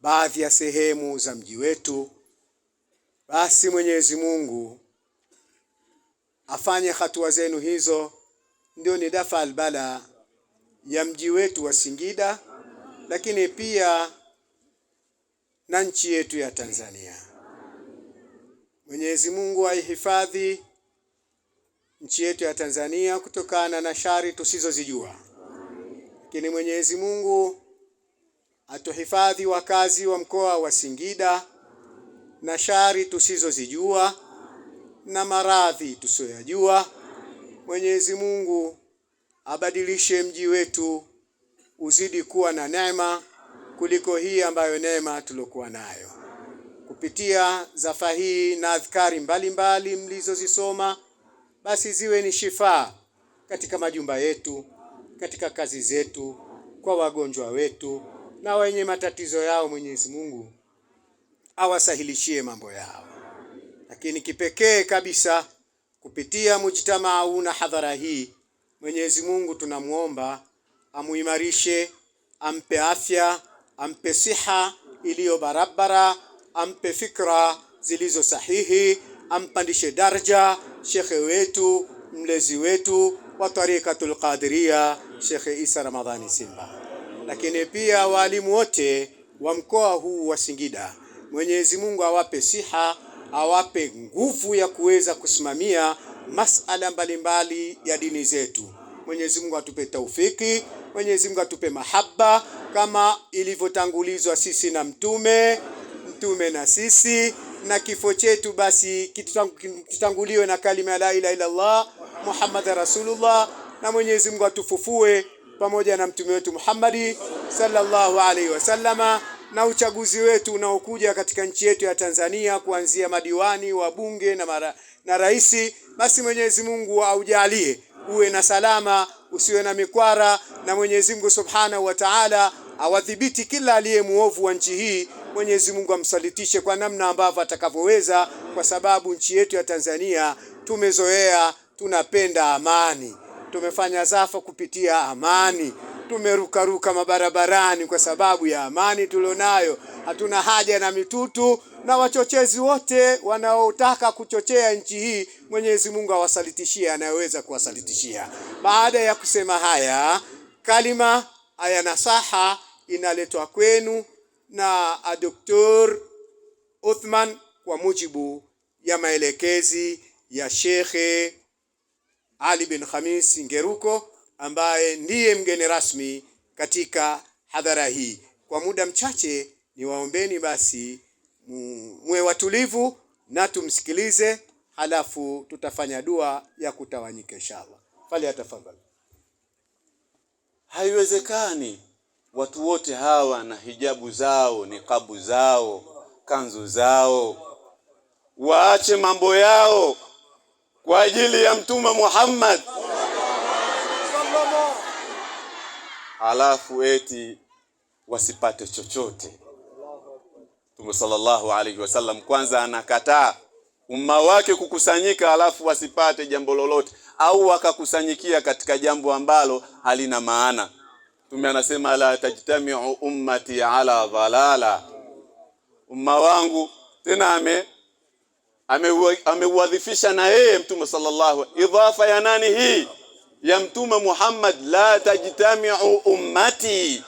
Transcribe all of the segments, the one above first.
baadhi ya sehemu za mji wetu, basi Mwenyezi Mungu afanye hatua zenu hizo ndio ni dafa albala ya mji wetu wa Singida, lakini pia na nchi yetu ya Tanzania. Mwenyezi Mungu aihifadhi nchi yetu ya Tanzania kutokana na shari tusizozijua, lakini Mwenyezi Mungu atuhifadhi wakazi wa mkoa wa Singida na shari tusizozijua na maradhi tusiyoyajua. Mwenyezi Mungu abadilishe mji wetu uzidi kuwa na neema kuliko hii ambayo neema tuliokuwa nayo kupitia zafa hii na adhkari mbalimbali mlizozisoma, basi ziwe ni shifaa katika majumba yetu, katika kazi zetu, kwa wagonjwa wetu na wenye matatizo yao Mwenyezi Mungu awasahilishie mambo yao, lakini kipekee kabisa kupitia mujtamaa na hadhara hii, Mwenyezi Mungu tunamwomba amuimarishe, ampe afya, ampe siha iliyo barabara, ampe fikra zilizo sahihi, ampandishe daraja shekhe wetu mlezi wetu wa Tarikatul Qadiria Shekhe Isa Ramadhani Simba lakini pia waalimu wote wa mkoa huu wa Singida. Mwenyezi Mungu awape siha, awape nguvu ya kuweza kusimamia masala mbalimbali ya dini zetu. Mwenyezi Mungu atupe taufiki, Mwenyezi Mungu atupe mahaba kama ilivyotangulizwa sisi na mtume mtume na sisi na kifo chetu basi kitutanguliwe na kalima ya la ilaha illallah Muhammad rasulullah, na Mwenyezi Mungu atufufue pamoja na mtume wetu Muhammadi sallallahu alaihi wasallama na uchaguzi wetu unaokuja katika nchi yetu ya Tanzania kuanzia madiwani wa bunge na, mara, na rais, Basi Mwenyezi Mungu aujalie uwe na salama, usiwe na mikwara, na Mwenyezi Mungu subhanahu wa taala awadhibiti kila aliye muovu wa nchi hii. Mwenyezi Mungu amsalitishe kwa namna ambavyo atakavyoweza, kwa sababu nchi yetu ya Tanzania tumezoea, tunapenda amani tumefanya zafa kupitia amani, tumerukaruka mabarabarani kwa sababu ya amani tulionayo. Hatuna haja na mitutu na wachochezi wote wanaotaka kuchochea nchi hii. Mwenyezi Mungu awasalitishie anayeweza kuwasalitishia. Baada ya kusema haya, kalima aya nasaha inaletwa kwenu na Dr. Uthman kwa mujibu ya maelekezi ya shekhe ali bin Khamis Ngeruko ambaye ndiye mgeni rasmi katika hadhara hii. Kwa muda mchache niwaombeni basi mwe watulivu na tumsikilize, halafu tutafanya dua ya kutawanyika inshallah. Fali atafadhali. Haiwezekani watu wote hawa na hijabu zao, kabu zao, kanzu zao, waache mambo yao kwa ajili ya Mtume Muhammad. alafu eti wasipate chochote. Mtume sallallahu alaihi wasallam kwanza anakataa umma wake kukusanyika, alafu wasipate jambo lolote au wakakusanyikia katika jambo ambalo halina maana. Mtume anasema la tajtamiu ummati ala dhalala, umma wangu tena ame amewadhifisha na yeye Mtume sallallahu wasallam. Idhafa ya nani hii? Ya Mtume Muhammad, la tajtamiu ummati.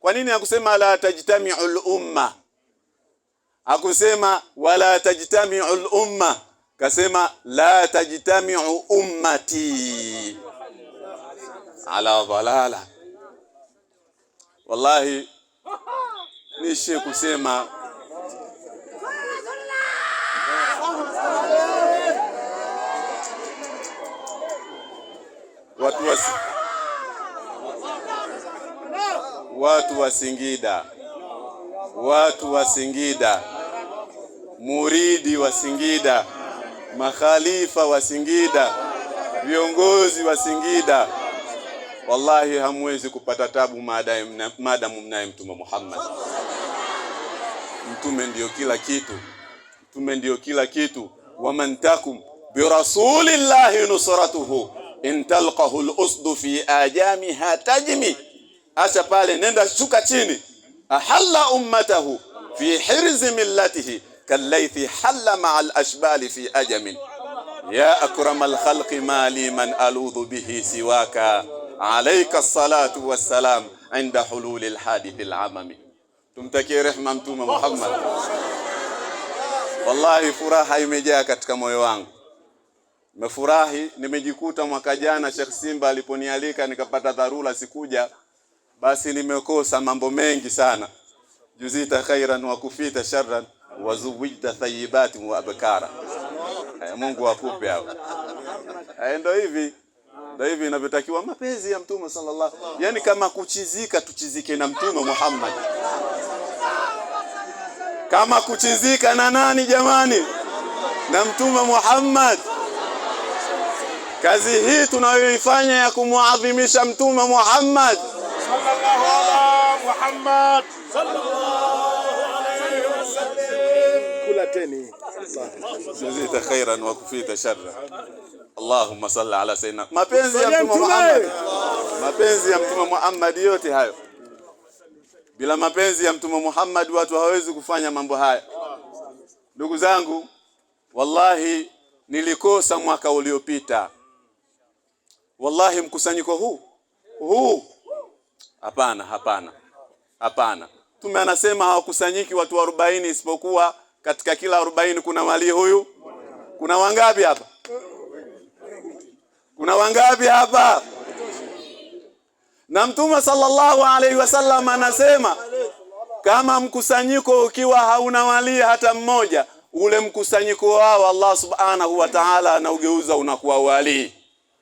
Kwa nini akusema la tajtamiu umma akusema wala tajtamiu umma kasema la tajtamiu ummati ala dalala Wallahi nishe kusema watu wa, watu wa Singida, watu wa Singida, muridi wa Singida, makhalifa wa Singida, viongozi wa Singida, wallahi hamwezi kupata tabu maadamu mnaye Mtume Muhammad. Mtume ndio kila kitu, Mtume ndio kila kitu. waman takum birasulillahi nusratuhu in talqahu al-usdu fi ajamiha tajmi, acha pale, nenda shuka chini. Ahalla ummatahu fi hirzi millatihi kallaythi halla ma'a al-ashbali fi ajamin ya akrama al-khalqi ma li man aludhu bihi siwaka alayka as-salatu was-salam inda hululi al-hadith al-amami. Tumtakie rehma Mtume Muhammad. Wallahi, furaha imejaa katika moyo wangu. Nimefurahi, nimejikuta mwaka jana Sheikh Simba aliponialika nikapata dharura sikuja, basi nimekosa mambo mengi sana. Juzita khairan wa kufita sharran wa zuwida thayibatin wa abkara. Eh, Mungu akupe hapo. Eh, ndio hivi. Ndio hivi inavyotakiwa mapenzi ya Mtume sallallahu. Yaani kama kuchizika tuchizike na Mtume Muhammad. Kama kuchizika na nani jamani? Na Mtume Muhammad. Kazi hii tunayoifanya ya kumuadhimisha Mtume Muhammad sallallahu alaihi Muhammad sallallahu alaihi wasallam, kula jazita khairan wa kufita sharra. Allahumma salli ala sayyidina. Mapenzi ya Mtume Muhammad, mapenzi ya Mtume Muhammad yote hayo. Bila mapenzi ya Mtume Muhammad watu hawawezi kufanya mambo haya. Ndugu zangu, wallahi nilikosa mwaka uliopita. Wallahi, mkusanyiko huu huu, hapana, hapana, hapana. Mtume anasema hawakusanyiki watu 40 isipokuwa katika kila 40 kuna wali huyu. Kuna wangapi hapa? Kuna wangapi hapa? Na Mtume sallallahu alaihi wasallam anasema kama mkusanyiko ukiwa hauna walii hata mmoja, ule mkusanyiko wao Allah subhanahu wa ta'ala anaugeuza unakuwa walii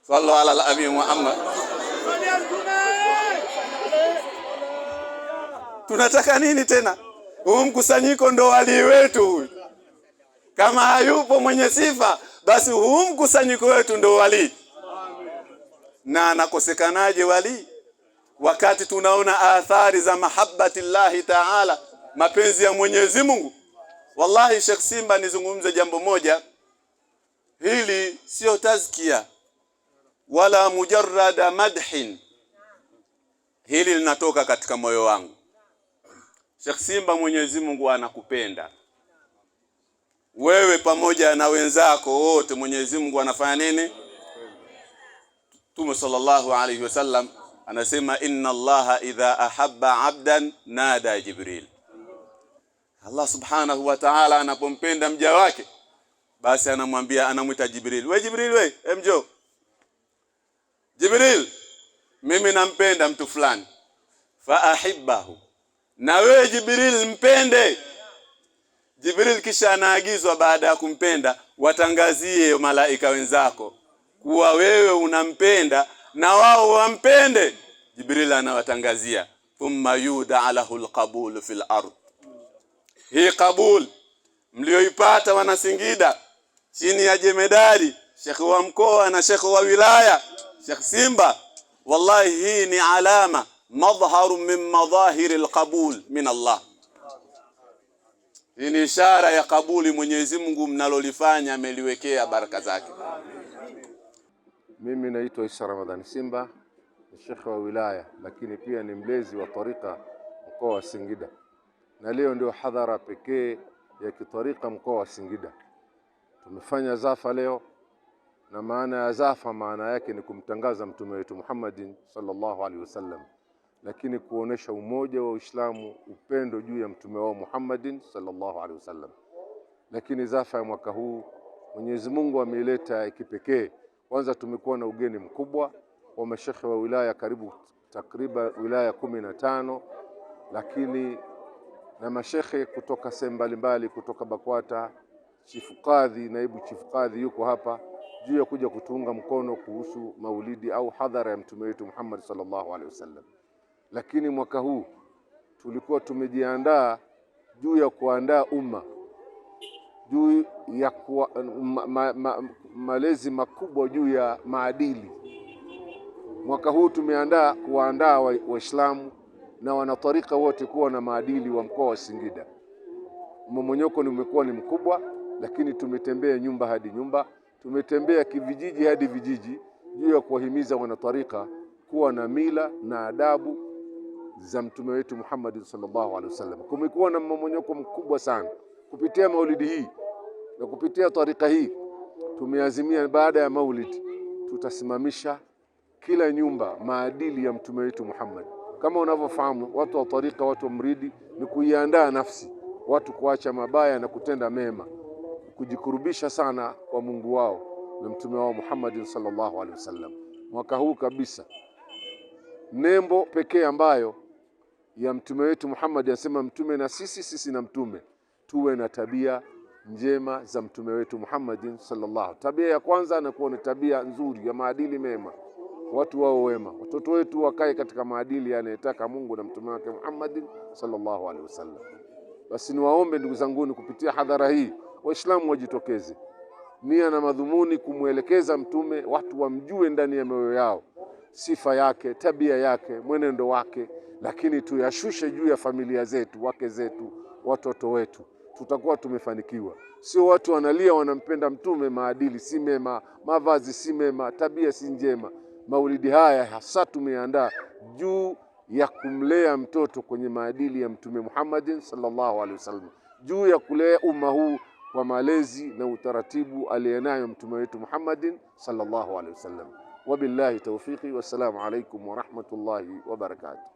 sallu ala al abi Muhammad. Tunataka nini tena? Huu mkusanyiko ndo walii wetu huyu. Kama hayupo mwenye sifa, basi huu mkusanyiko wetu ndo walii. Na anakosekanaje walii wakati tunaona athari za mahabbati llahi taala, mapenzi ya Mwenyezi Mungu. Wallahi shekh Simba, nizungumze jambo moja hili, siyo tazkia wala mujarrada madhin. Hili linatoka katika moyo wangu. Sheikh Simba, Mwenyezi Mungu anakupenda wewe pamoja na wenzako wote. Mwenyezi Mungu anafanya nini? Mtume sallallahu alayhi wasallam anasema inna allaha idha ahabba abdan nada Jibril. Allah subhanahu wa ta'ala anapompenda mja wake, basi anamwambia, anamwita Jibril, we Jibril, we emjo Jibril, mimi nampenda mtu fulani, fa na wewe Jibril mpende Jibril. Kisha anaagizwa baada ya kumpenda, watangazie malaika wenzako kuwa wewe unampenda na wao wampende. Jibril anawatangazia, thumma yudaa lahu lqabulu fi lard, hii qabul mlioipata wana Singida chini ya jemedari, shekhe wa mkoa na shekhe wa wilaya Sheikh Simba, wallahi hii ni alama madhharu min madhahiri alqabul min Allah. Hii ni ishara ya kabuli. Mwenyezi Mungu mnalolifanya ameliwekea baraka zake. Mimi naitwa Isa Ramadhani Simba, ni shekhe wa wilaya, lakini pia ni mlezi wa tarika mkoa wa Singida, na leo ndio hadhara pekee ya kitarika mkoa wa Singida. Tumefanya zafa leo na maana ya zafa maana yake ni kumtangaza mtume wetu Muhammadin sallallahu alaihi wasallam, lakini kuonesha umoja wa Uislamu, upendo juu ya mtume wao Muhammadin sallallahu alaihi wasallam. Lakini zafa ya mwaka huu Mwenyezi Mungu ameileta kipekee. Kwanza tumekuwa na ugeni mkubwa wa mashekhe wa wilaya karibu takriban wilaya kumi na tano, lakini na mashekhe kutoka sehemu mbalimbali, kutoka Bakwata, chifu kadhi, naibu chifu kadhi yuko hapa juu ya kuja kutuunga mkono kuhusu maulidi au hadhara ya mtume wetu Muhammad sallallahu alaihi wasallam. Lakini mwaka huu tulikuwa tumejiandaa juu ya kuandaa umma juu ya kuwa, ma, ma, ma, malezi makubwa juu ya maadili. Mwaka huu tumeandaa kuwaandaa Waislamu na wanatarika wote kuwa na maadili wa mkoa wa Singida. Mmomonyoko umekuwa ni mkubwa, lakini tumetembea nyumba hadi nyumba Tumetembea kivijiji hadi vijiji juu ya kuwahimiza wanatarika kuwa na mila na adabu za mtume wetu Muhammad sallallahu alaihi wasallam. Kumekuwa na mmomonyoko mkubwa sana kupitia maulidi hii na kupitia tarika hii. Tumeazimia baada ya maulidi tutasimamisha kila nyumba maadili ya mtume wetu Muhammad. Kama unavyofahamu, watu wa tarika, watu wa mridi, ni kuiandaa nafsi watu kuacha mabaya na kutenda mema kujikurubisha sana kwa Mungu wao na mtume wao Muhammad sallallahu alaihi wasallam. Mwaka huu kabisa nembo pekee ambayo ya mtume wetu Muhammad anasema mtume na sisi, sisi na mtume, tuwe na tabia njema za mtume wetu Muhammad sallallahu. Tabia ya kwanza anakuwa ni tabia nzuri ya maadili mema, watu wao wema, watoto wetu wakae katika maadili yanayotaka Mungu na mtume wake Muhammad sallallahu alaihi wasallam. Basi niwaombe ndugu zanguni, kupitia hadhara hii Waislamu wajitokeze, nia na madhumuni kumwelekeza Mtume, watu wamjue ndani ya mioyo yao sifa yake, tabia yake, mwenendo wake, lakini tuyashushe juu ya familia zetu, wake zetu, watoto wetu, tutakuwa tumefanikiwa. Sio watu wanalia wanampenda Mtume, maadili si mema, mavazi si mema, tabia si njema. Maulidi haya hasa tumeandaa juu ya kumlea mtoto kwenye maadili ya Mtume Muhammadin sallallahu alaihi wasallam, juu ya kulea umma huu kwa malezi na utaratibu aliyenayo mtume wetu Muhammadin sallallahu alaihi wasallam. Wabillahi tawfiqi, wassalamu alaikum warahmatullahi wabarakatuh.